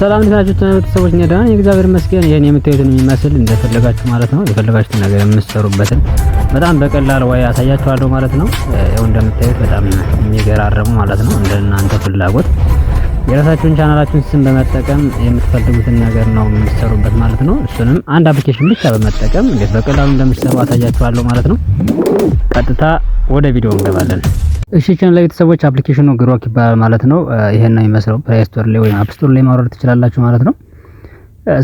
ሰላም እንዴት ናችሁ? ቤተሰቦች እኛ ደህና የእግዚአብሔር ይመስገን። ይሄን የምታዩትን የሚመስል እንደፈለጋችሁ ማለት ነው የፈለጋችሁ ነገር የምትሰሩበትን በጣም በቀላል ወይ ያሳያችኋለሁ ማለት ነው። ያው እንደምታዩት በጣም የሚገራረሙ ማለት ነው እንደናንተ ፍላጎት የራሳችሁን ቻናላችሁን ስም በመጠቀም የምትፈልጉትን ነገር ነው የምትሰሩበት ማለት ነው። እሱንም አንድ አፕሊኬሽን ብቻ በመጠቀም እንዴት በቀላሉ እንደምትሰሩ አሳያችኋለሁ ማለት ነው። ቀጥታ ወደ ቪዲዮ እንገባለን። እሺ ቻናል ላይ ቤተሰቦች አፕሊኬሽኑ ግሮክ ይባላል ማለት ነው። ይሄን ነው የሚመስለው። ፕሌይ ስቶር ላይ ወይም አፕ ስቶር ላይ ማውረድ ትችላላችሁ ማለት ነው።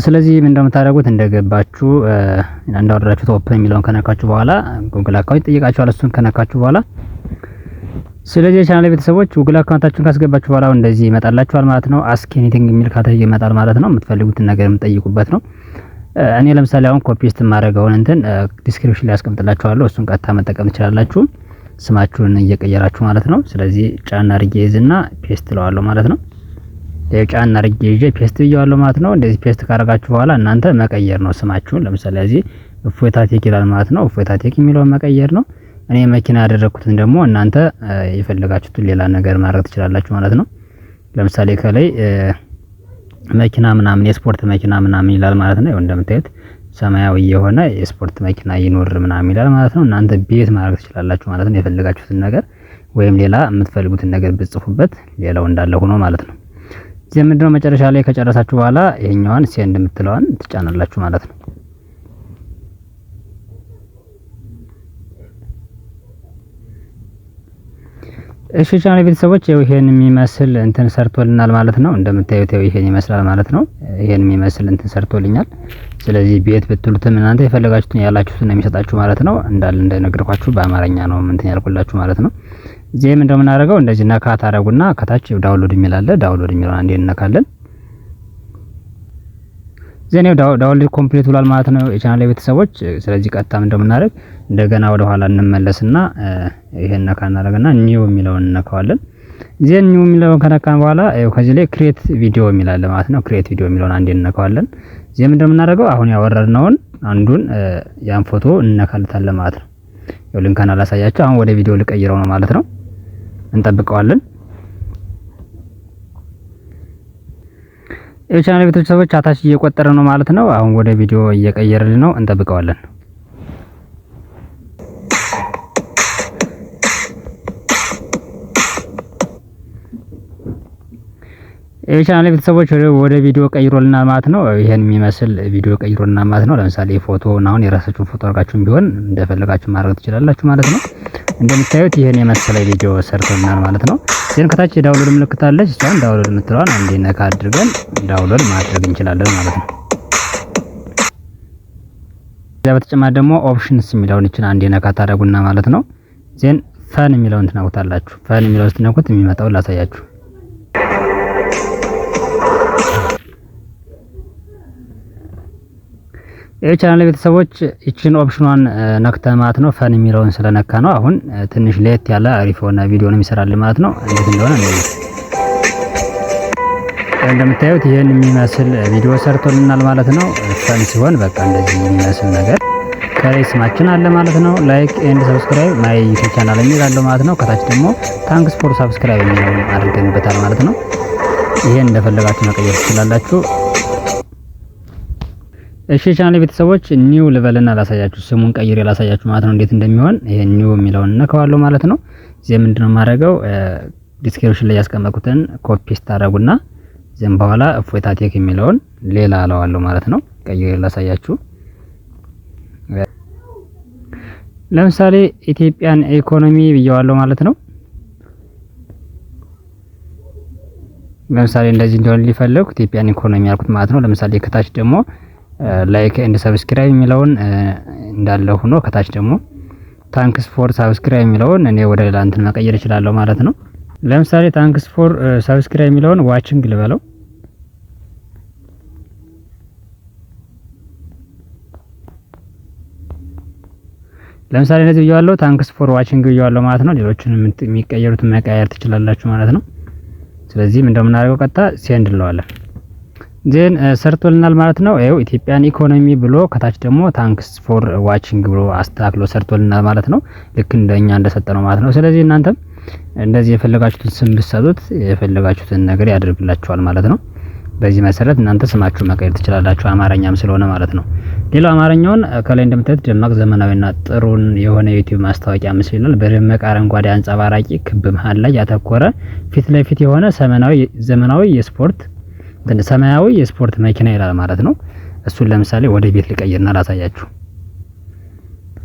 ስለዚህ ምን እንደምታደርጉት እንደገባችሁ እንዳወረዳችሁት ኦፕን የሚለውን ከነካችሁ በኋላ ጉግል አካውንት ይጠይቃችኋል። እሱን ከነካችሁ በኋላ ስለዚህ የቻናል ቤተሰቦች ጉግል አካውንታችሁን ካስገባችሁ በኋላ እንደዚህ ይመጣላችኋል ማለት ነው። አስክ ኤኒቲንግ የሚል ካተጎሪ ይመጣል ማለት ነው። የምትፈልጉትን ነገር የምትጠይቁበት ነው። እኔ ለምሳሌ አሁን ኮፒ ስት ማድረገውን እንትን ዲስክሪፕሽን ላይ አስቀምጥላችኋለሁ። እሱን ቀጥታ መጠቀም ትችላላችሁ። ስማችሁን እየቀየራችሁ ማለት ነው። ስለዚህ ጫና አድርጌ ይዝና ፔስት እለዋለሁ ማለት ነው። ጫና አድርጌ ይዤ ፔስት ብየዋለሁ ማለት ነው። እንደዚህ ፔስት ካደረጋችሁ በኋላ እናንተ መቀየር ነው ስማችሁን። ለምሳሌ እዚህ ቴክ ይላል ማለት ነው። ቴክ የሚለውን መቀየር ነው። እኔ መኪና ያደረኩትን ደግሞ እናንተ የፈለጋችሁትን ሌላ ነገር ማድረግ ትችላላችሁ ማለት ነው። ለምሳሌ ከላይ መኪና ምናምን የስፖርት መኪና ምናምን ይላል ማለት ነው። እንደምታዩት ሰማያዊ የሆነ የስፖርት መኪና ይኑር ምናምን ይላል ማለት ነው። እናንተ ቤት ማድረግ ትችላላችሁ ማለት ነው። የፈለጋችሁትን ነገር ወይም ሌላ የምትፈልጉትን ነገር ብጽፉበት ሌላው እንዳለ ሆኖ ማለት ነው። እዚህ ምንድነው መጨረሻ ላይ ከጨረሳችሁ በኋላ ይሄኛዋን ሴንድ የምትለዋን ትጫናላችሁ ማለት ነው። እሺ ቻናል ቤተሰቦች ይኸው ይሄን የሚመስል እንትን ሰርቶልናል ማለት ነው። እንደምታዩት ይኸው ይሄን ይመስላል ማለት ነው። ይሄን የሚመስል እንትን ሰርቶልኛል። ስለዚህ ቤት ብትሉትም እናንተ የፈለጋችሁትን ያላችሁትን ነው የሚሰጣችሁ ማለት ነው። እንዳል እንደነገርኳችሁ በአማርኛ ነው እንትን ያልኩላችሁ ማለት ነው። እዚህም እንደምናደርገው እንደዚህ ነካ ታደርጉና ከታች ዳውንሎድ የሚላለ ዳውንሎድ የሚለውን አንዴ እንነካለን። ዘኔው ዳውንሎድ ኮምፕሊት ብሏል ማለት ነው የቻናል ቤተሰቦች። ስለዚህ ቀጥታም እንደምናደርግ እንደገና ወደ ኋላ እንመለስና ይሄን ነካ እናደርግና ኒው የሚለውን እነካዋለን። ዜን ኒው የሚለውን ከነካን በኋላ ያው ከዚህ ላይ ክሬት ቪዲዮ የሚላል ማለት ነው። ክሬት ቪዲዮ የሚለውን አንዴ እነካዋለን። ዜም እንደምናደርገው አሁን ያወረድነውን አንዱን ያን ፎቶ እነካልታለን ማለት ነው። ያው ልንከን አላሳያቸው። አሁን ወደ ቪዲዮ ልቀይረው ነው ማለት ነው። እንጠብቀዋለን። የቻናል ቤተሰቦች አታች እየቆጠረ ነው ማለት ነው። አሁን ወደ ቪዲዮ እየቀየረልን ነው፣ እንጠብቀዋለን። የቻናል ቤተሰቦች ወደ ቪዲዮ ቀይሮልናል ማለት ነው። ይሄን የሚመስል ቪዲዮ ቀይሮልናል ማለት ነው። ለምሳሌ ፎቶ አሁን የራሳችሁን ፎቶ አርጋችሁ ቢሆን እንደፈለጋችሁ ማድረግ ትችላላችሁ ማለት ነው። እንደምታዩት ይሄን የመሰለ ቪዲዮ ሰርቶልናል ማለት ነው። ዜን ከታች የዳውንሎድ ምልክት አለች። እሷን ዳውንሎድ የምትለዋን አንዴ ነካ አድርገን ዳውንሎድ ማድረግ እንችላለን ማለት ነው። ከዚያ በተጨማሪ ደግሞ ኦፕሽንስ የሚለውን ይችን አንዴ ነካ ታደረጉና ማለት ነው ዜን ፈን የሚለውን ትነኩታላችሁ። ፈን የሚለውን ስትነኩት የሚመጣውን ላሳያችሁ የቻናል ቤተሰቦች ይችን ኦፕሽኗን ነክተን ማለት ነው ፈን የሚለውን ስለነካ ነው። አሁን ትንሽ ለየት ያለ አሪፍ የሆነ ቪዲዮ ነው የሚሰራል ማለት ነው። እንዴት እንደሆነ እንደምታዩት ይህን የሚመስል ቪዲዮ ሰርቶልናል ማለት ነው። ፈን ሲሆን በቃ እንደዚህ የሚመስል ነገር ከላይ ስማችን አለ ማለት ነው። ላይክ ኤንድ ሰብስክራይብ ማይ ዩቲዩብ ቻናል የሚል አለው ማለት ነው። ከታች ደግሞ ታንክስ ፎር ሰብስክራይብ የሚለውን አድርገንበታል ማለት ነው። ይሄን እንደፈለጋችሁ መቀየር ትችላላችሁ። እሺ ቻናል ቤተሰቦች ኒው ልበልና ላሳያችሁ፣ ስሙን ቀይሬ ላሳያችሁ ማለት ነው እንዴት እንደሚሆን። ይሄ ኒው የሚለውን ነከዋለሁ ማለት ነው። እዚህ ምንድነው የማደርገው ዲስክሪፕሽን ላይ ያስቀመጥኩትን ኮፒ ስታደርጉና ዘን በኋላ እፎይታ ቴክ የሚለውን ሌላ አለዋለሁ ማለት ነው። ቀይሬ ላሳያችሁ። ለምሳሌ ኢትዮጵያን ኢኮኖሚ ብየዋለሁ ማለት ነው። ለምሳሌ እንደዚህ እንደሆነ ሊፈልግ ኢትዮጵያን ኢኮኖሚ ያልኩት ማለት ነው። ለምሳሌ ከታች ደግሞ ላይክ ኤንድ ሰብስክራይብ የሚለውን እንዳለ ሆኖ ከታች ደግሞ ታንክስ ፎር ሰብስክራይብ የሚለውን እኔ ወደ ሌላ እንትን መቀየር እችላለሁ ማለት ነው። ለምሳሌ ታንክስ ፎር ሰብስክራይብ የሚለውን ዋችንግ ልበለው። ለምሳሌ እንደዚህ ብያዋለሁ፣ ታንክስ ፎር ዋችንግ ብያዋለሁ ማለት ነው። ሌሎችን የሚቀየሩትን መቀየር ትችላላችሁ ማለት ነው። ስለዚህ እንደምናደርገው ቀጥታ ሴንድ እንለዋለን። ዜን ሰርቶልናል ማለት ነው። ይኸው ኢትዮጵያን ኢኮኖሚ ብሎ ከታች ደግሞ ታንክስ ፎር ዋችንግ ብሎ አስተካክሎ ሰርቶልናል ማለት ነው። ልክ እንደኛ እንደሰጠነው ማለት ነው። ስለዚህ እናንተም እንደዚህ የፈለጋችሁትን ስም ብትሰጡት የፈለጋችሁትን ነገር ያደርግላችኋል ማለት ነው። በዚህ መሰረት እናንተ ስማችሁ መቀየር ትችላላችሁ፣ አማርኛም ስለሆነ ማለት ነው። ሌላው አማርኛውን ከላይ እንደምታዩት ደማቅ ዘመናዊና ጥሩን የሆነ ዩቲዩብ ማስታወቂያ ምስል ይላል። በደማቅ አረንጓዴ አንጸባራቂ ክብ መሃል ላይ ያተኮረ ፊት ለፊት የሆነ ዘመናዊ የስፖርት ሰማያዊ የስፖርት መኪና ይላል ማለት ነው። እሱን ለምሳሌ ወደ ቤት ልቀይርና ላሳያችሁ።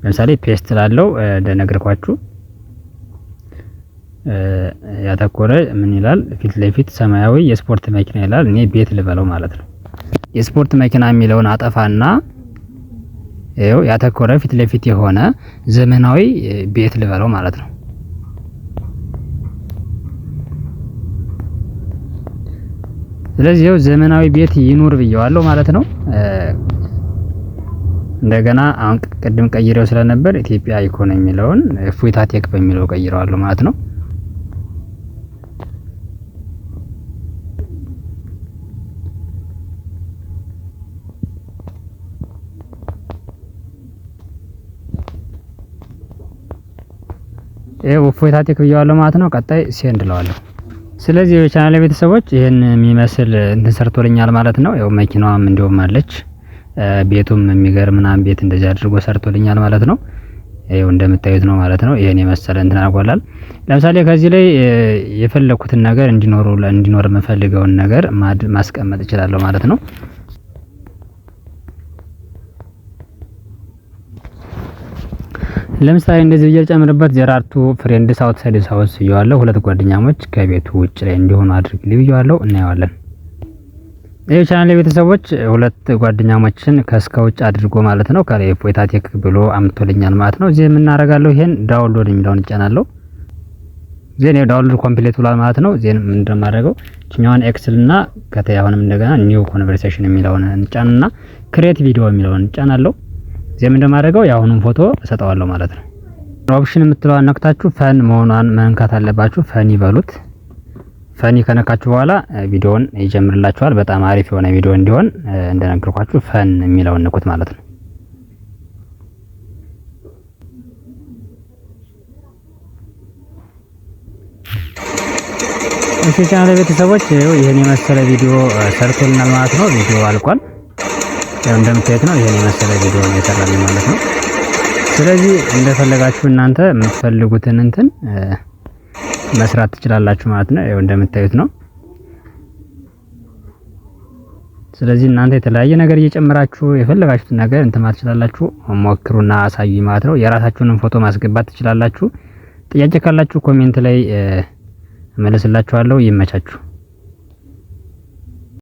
ለምሳሌ ፔስት ላለው እንደነገርኳችሁ ያተኮረ ምን ይላል ፊት ለፊት ሰማያዊ የስፖርት መኪና ይላል። እኔ ቤት ልበለው ማለት ነው። የስፖርት መኪና የሚለውን አጠፋና ያተኮረ ፊት ለፊት የሆነ ዘመናዊ ቤት ልበለው ማለት ነው። ስለዚህ ያው ዘመናዊ ቤት ይኑር ብየዋለሁ ማለት ነው። እንደገና አሁን ቅድም ቀይሬው ስለነበር ኢትዮጵያ ኢኮኖሚ የሚለውን ፉይታ ቴክ በሚለው ቀይረዋለሁ ማለት ነው። ፉይታ ቴክ ብየዋለሁ ማለት ነው። ቀጣይ ሴንድ እለዋለሁ። ስለዚህ የቻናል ቤተሰቦች ይህን የሚመስል እንትን ሰርቶልኛል ማለት ነው። ያው መኪናዋም እንዲሁም አለች፣ ቤቱም የሚገርም ምናምን ቤት እንደዚህ አድርጎ ሰርቶልኛል ማለት ነው። ይኸው እንደምታዩት ነው ማለት ነው። ይሄን የመሰለ እንትን አድርጓላል። ለምሳሌ ከዚህ ላይ የፈለኩትን ነገር እንዲኖር እንዲኖር የምፈልገውን ነገር ማስቀመጥ እችላለሁ ማለት ነው። ለምሳሌ እንደዚህ ብዬ ጨምርበት ጀራርቱ ፍሬንድ ሳውት ሳይድ ሳውስ ብየዋለሁ። ሁለት ጓደኛሞች ከቤቱ ውጭ ላይ እንዲሆኑ አድርግ ብየዋለሁ። እናየዋለን። ይህ ቻናል የቤተሰቦች ሁለት ጓደኛሞችን ከእስከ ውጭ አድርጎ ማለት ነው ከፎይታ ቴክ ብሎ አምቶልኛል ማለት ነው። እዚህ የምናደርጋለሁ ይሄን ዳውንሎድ የሚለውን እጫናለሁ። ዜን ዳውንሎድ ኮምፕሌት ብሏል ማለት ነው። ዜን ምን እንደማደርገው ችኛዋን ኤክስል እና ከተያሁንም እንደገና ኒው ኮንቨርሴሽን የሚለውን እንጫንና ክሬት ቪዲዮ የሚለውን እንጫናለሁ። እዚህ ምን እንደማደርገው የአሁኑን ፎቶ እሰጠዋለሁ ማለት ነው። ኦፕሽን የምትለዋን ነክታችሁ ፈን መሆኗን መንካት አለባችሁ። ፈን ይበሉት። ፈን ከነካችሁ በኋላ ቪዲዮውን ይጀምርላችኋል። በጣም አሪፍ የሆነ ቪዲዮ እንዲሆን እንደነገርኳችሁ ፈን የሚለውን ንኩት ማለት ነው። እሺ ቻናል ቤተሰቦች ይህን የመሰለ ቪዲዮ ሰርቶልናል ማለት ነው። ቪዲዮ አልቋል። ያው እንደምታዩት ነው። ይሄን የመሰለ ቪዲዮ ነው የሰራልኝ ማለት ነው። ስለዚህ እንደፈለጋችሁ እናንተ የምትፈልጉትን እንትን መስራት ትችላላችሁ ማለት ነው። ያው እንደምታዩት ነው። ስለዚህ እናንተ የተለያየ ነገር እየጨመራችሁ የፈለጋችሁትን ነገር እንትን ማለት ትችላላችሁ። ሞክሩና አሳዩ ማለት ነው። የራሳችሁንም ፎቶ ማስገባት ትችላላችሁ። ጥያቄ ካላችሁ ኮሜንት ላይ እመልስላችኋለሁ። ይመቻችሁ።